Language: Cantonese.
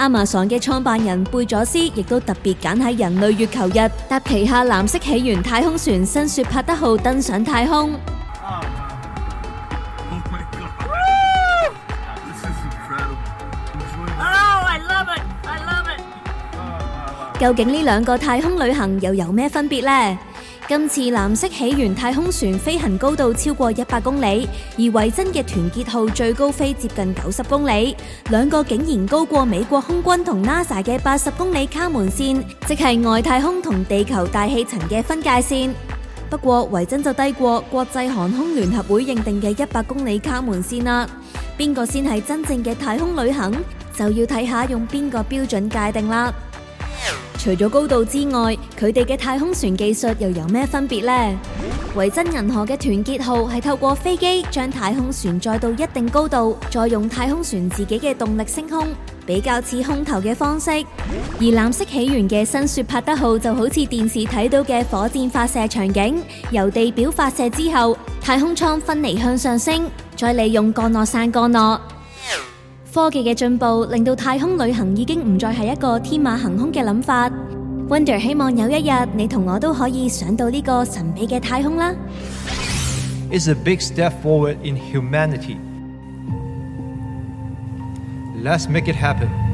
亞馬遜嘅創辦人貝佐斯亦都特別揀喺人類月球日，搭旗下藍色起源太空船新雪帕德號登上太空。Oh my God. Oh, I love it. I love it. 究竟呢兩個太空旅行又有咩分別呢？今次藍色起源太空船飛行高度超過一百公里，而維珍嘅團結號最高飛接近九十公里，兩個竟然高過美國空軍同 NASA 嘅八十公里卡門線，即係外太空同地球大氣層嘅分界線。不過維珍就低過國際航空聯合會認定嘅一百公里卡門線啦。邊個先係真正嘅太空旅行，就要睇下用邊個標準界定啦。除咗高度之外，佢哋嘅太空船技術又有咩分別呢？維珍銀河嘅團結號係透過飛機將太空船載到一定高度，再用太空船自己嘅動力升空，比較似空投嘅方式；而藍色起源嘅新雪帕德號就好似電視睇到嘅火箭發射場景，由地表發射之後，太空艙分離向上升，再利用降落傘降落。科技嘅進步令到太空旅行已經唔再係一個天馬行空嘅諗法。Wonder 希望有一日你同我都可以上到呢個神秘嘅太空啦。It